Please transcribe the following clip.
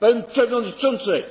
pan przewodniczący!